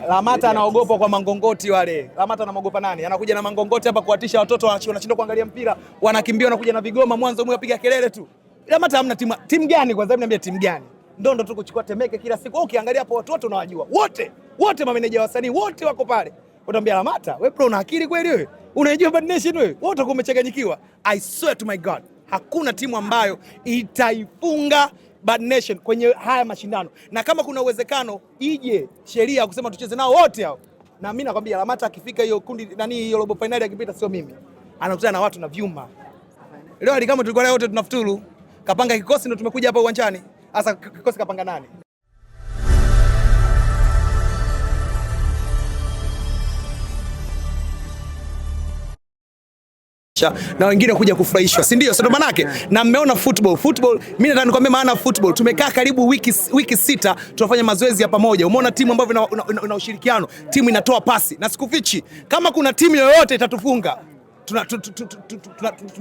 Lamata anaogopa kwa mangongoti wale. Lamata anamogopa nani? Anakuja na mangongoti hapa kuwatisha watoto, wanashindwa kuangalia mpira, wanakimbia, wanakuja na vigoma, mwanzo mwe apiga kelele tu. Lamata hamna timu. Timu gani kwanza? Hebu niambie timu gani? Ndondo tu kuchukua Temeke kila siku. Wewe ukiangalia hapo watoto unawajua wote, wote mameneja wasanii wote wako pale. Utaambia Lamata, wewe pro una akili kweli wewe? Unaijua Bad Nation wewe? Wote utakuwa umechanganyikiwa. I swear to my God, hakuna timu ambayo itaifunga Bad Nation kwenye haya mashindano, na kama kuna uwezekano ije sheria kusema tucheze nao wote hao, na mimi nakwambia Lamata akifika hiyo kundi nani hiyo robo finali akipita, sio mimi, anakutana na watu na vyuma. Leo alikama kama tulikuwa wote tunafuturu, kapanga kikosi, ndio tumekuja hapa uwanjani. Sasa kikosi kapanga nani? picha na wengine kuja kufurahishwa, si ndio? Sio maana yake. Na mmeona football, football mimi nataka nikwambie maana football. Tumekaa karibu wiki wiki sita tunafanya mazoezi ya pamoja. Umeona timu ambayo ina ushirikiano, timu inatoa pasi na sikufichi, kama kuna timu yoyote itatufunga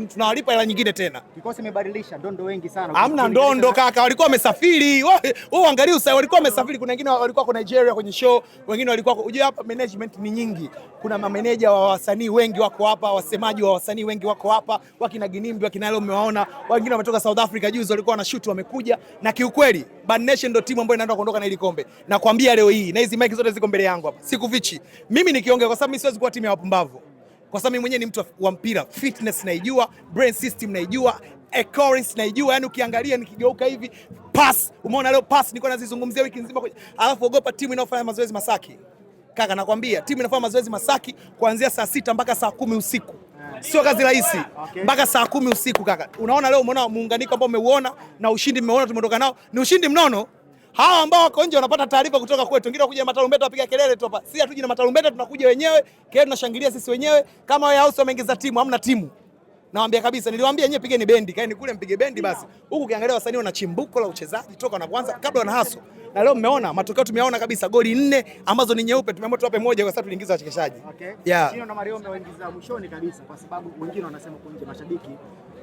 tunawalipa hela nyingine tena. Kikosi imebadilisha ndondo wengi sana. Hamna ndondo kaka, walikuwa wamesafiri. Wewe angalia usai, walikuwa wamesafiri. Kuna wengine walikuwa kwa Nigeria kwenye show, wengine walikuwa kwa ujio hapa management ni nyingi. Kuna mameneja wa wasanii wengi wako hapa, wasemaji wa wasanii wengi wako hapa, wakina Ginimbi, wakina leo mmewaona, wengine wametoka South Africa juzi, walikuwa na shoot wamekuja, na kiukweli Bad Nation ndio timu ambayo inaenda kuondoka na ile kombe. Nakwambia leo hii, na hizi mic zote ziko mbele yangu hapa, sikufichi mimi nikiongea, kwa sababu mimi siwezi kuwa timu ya wapumbavu kwa sababu mimi mwenyewe ni mtu wa mpira, fitness naijua, brain system naijua Ecoris naijua, yani ukiangalia nikigeuka hivi pass, umeona leo pass niko nazizungumzia wiki nzima, alafu ogopa timu inayofanya mazoezi Masaki. Kaka nakwambia timu inafanya mazoezi Masaki kuanzia saa sita mpaka saa kumi usiku, sio kazi rahisi mpaka saa kumi usiku kaka. Unaona leo, umeona muunganiko ambao umeuona na ushindi mmeona tumeondoka nao, ni ushindi mnono hawa ambao wako nje wanapata taarifa kutoka kwetu, wengine wakuja matarumbeta wapiga kelele tu hapa. Si hatuji na matarumbeta, tunakuja wenyewe kelele, tunashangilia sisi wenyewe. Kama wao house wameingiza timu, hamna timu Nawaambia kabisa, niliwaambia nyewe pigeni bendi, kaeni kule mpige bendi basi. Huku ukiangalia wasanii wana chimbuko la uchezaji toka wanapoanza kabla wana haso na leo mmeona matokeo, tumeona kabisa goli nne ambazo ni nyeupe, tumeamua tuwape moja kwa sababu tuliingiza wachekeshaji. Okay. Yeah. Chino na Mario mmewaingiza mwishoni kabisa kwa sababu wengine wanasema kwa nje mashabiki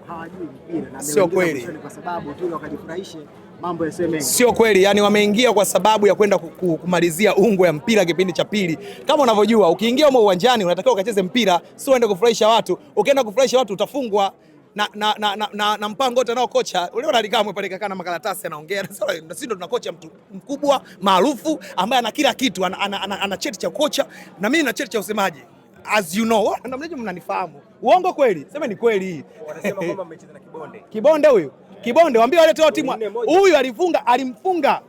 hawajui mpira na sio kweli, kwa sababu tu wakajifurahishe mambo yasiyo mengi. Sio kweli, yani wameingia kwa sababu ya kwenda kumalizia ungo ya mpira kipindi cha pili. Kama unavyojua ukiingia umo uwanjani unatakiwa ukacheze mpira, sio uende kufurahisha watu. Ukienda kufurahisha watu utafungwa na, na, na, na, na, na mpango wote nao kocha uliona alikamwe pale kaka na makaratasi anaongea, na sasa sisi ndo tuna kocha mtu mkubwa maarufu ambaye ana kila kitu, ana, ana, ana, ana cheti cha kocha na mimi na cheti cha usemaji as you know, na namnaje, mnanifahamu. Uongo kweli? Sema ni kweli. Wanasema kwamba mmecheza na kibonde. Kibonde huyu kibonde, waambie wale wao timu. Huyu alifunga, alimfunga,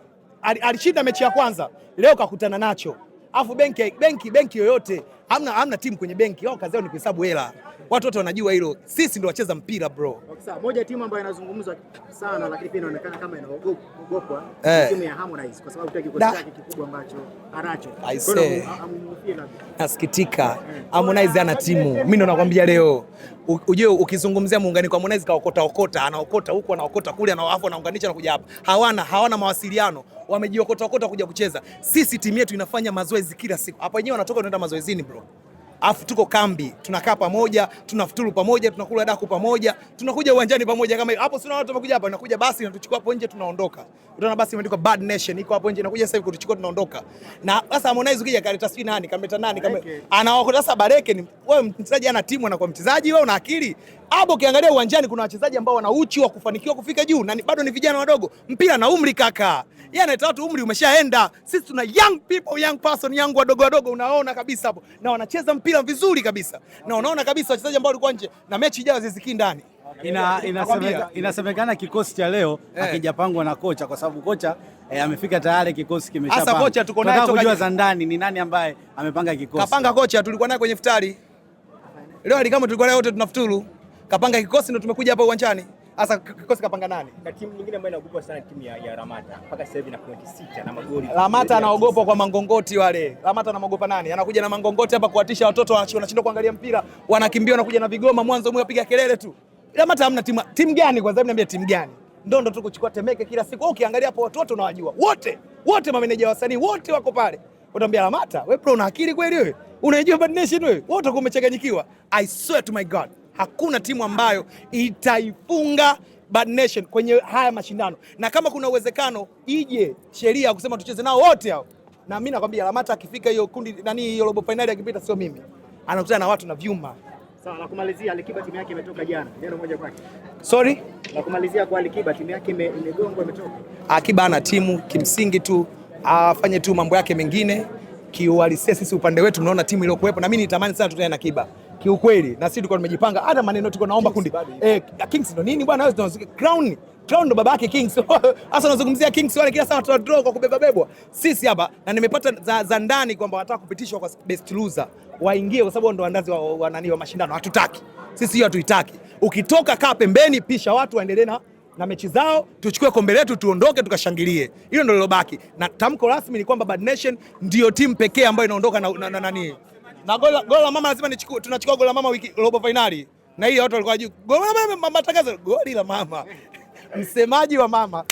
alishinda mechi ya kwanza, leo kakutana nacho, afu benki benki benki yoyote amna, amna timu kwenye benki, wao kazi yao ni kuhesabu hela. Watu wote wanajua hilo, sisi ndo wacheza mpira bro. Sawa, moja timu ambayo inazungumzwa sana lakini pia inaonekana kama inaogopwa eh, eh. timu ya Harmonize kwa sababu pia kikosi chake kikubwa ambacho anacho. Nasikitika eh. Harmonize ana timu, mimi ndo nakwambia leo ujue ukizungumzia muunganiko wa Harmonize kaokota okota, anaokota huko anaokota kule, anaafu anaunganisha na kuja hapa. Hawana hawana mawasiliano, wamejiokota okota kuja kucheza. Sisi timu yetu inafanya mazoezi kila siku hapa, wenyewe wanatoka wanaenda mazoezini bro kushindwa, afu tuko kambi, tunakaa pamoja, tunafuturu pamoja, tunakula daku pamoja, tunakuja uwanjani pamoja. Kama hapo sio watu wamekuja hapa, nakuja basi inatuchukua hapo nje, tunaondoka. Utaona basi imeandikwa Bad Nation iko hapo nje, nakuja sasa hivi kutuchukua, tunaondoka. Na sasa Harmonize ukija kaleta sijui nani kamleta nani kama anawakuta sasa. Bareke ni wewe mchezaji, ana timu anakuwa mchezaji, wewe una akili hapo ukiangalia uwanjani kuna wachezaji ambao wana uchi wa kufanikiwa kufika juu na bado ni vijana wadogo. Mpira na umri kaka, yeye anaita watu umri umeshaenda. Sisi tuna young people, young person, young wadogo wadogo, unaona kabisa hapo, na wanacheza mpira vizuri kabisa, na unaona kabisa wachezaji ambao walikuwa nje na mechi ijayo ziziki ndani ina, inasemekana kikosi cha leo eh, hakijapangwa na kocha kwa sababu kocha eh, amefika tayari, kikosi kimeshapanga. Sasa kocha tuko naye toka za ndani, ni nani ambaye amepanga kikosi? Kapanga kocha, tulikuwa naye kwenye futari leo, alikama tulikuwa naye wote tunafuturu kapanga kikosi ndo tumekuja hapa uwanjani. Sasa kikosi kapanga nani? Na timu nyingine ambayo inaogopwa sana timu ya, ya Ramata. Mpaka sasa hivi na pointi sita na magoli. Ramata anaogopwa kwa mangongoti wale. Ramata anamogopa nani? Anakuja na mangongoti hapa kuwatisha watoto wanashindwa kuangalia mpira, wanakimbia wanakuja na vigoma mwanzo mwe apiga kelele tu. Ramata hamna timu. Timu gani kwanza niambia timu gani? Ndondo tu kuchukua Temeke kila siku. Wewe ukiangalia hapo watoto unawajua. Wote, wote mameneja wasanii wote wako pale. Utaambia Ramata, wewe pro una akili kweli wewe? Unaijua Bad Nation wewe? Wote utakuwa I swear to my God hakuna timu ambayo itaifunga Bad Nation kwenye haya mashindano, na kama kuna uwezekano ije sheria ya kusema tucheze nao wote hao, na mimi nakwambia Lamata akifika hiyo kundi nani hiyo robo finali akipita, sio mimi, anakutana na watu na vyuma. Sawa, la kumalizia Alikiba timu yake imetoka jana. Neno moja kwake. Sorry? La kumalizia kwa Alikiba timu yake imegongwa imetoka. Akiba ana timu kimsingi tu afanye tu mambo yake mengine kiuhalisia. Sisi upande wetu tunaona timu iliyokuwepo na mimi nitamani sana tutae na Kiba kiukweli, na sisi tulikuwa tumejipanga, hata maneno tuko naomba kundi eh, Kings ndo nini bwana, wewe crown Crown ndo baba yake Kings. hasa unazungumzia Kings wale kila sana tunadraw kwa kubeba bebwa. Sisi hapa na nimepata za, za ndani kwamba wanataka kupitishwa kwa best loser. Waingie kwa sababu ndo wandazi wa, wa, nani wa mashindano. Hatutaki. Sisi hiyo hatuitaki. Ukitoka kaa pembeni, pisha watu waendelee na na mechi zao, tuchukue kombe letu tuondoke tukashangilie. Hilo ndo lilobaki. Na tamko rasmi ni kwamba Bad Nation ndio timu pekee ambayo inaondoka na, na, na, na, na, na, na, na, na na gola gola mama lazima nichukue, tunachukua gola mama wiki robo finali, na hiyo watu walikuwa juu gola mama matangazo goli la mama msemaji wa mama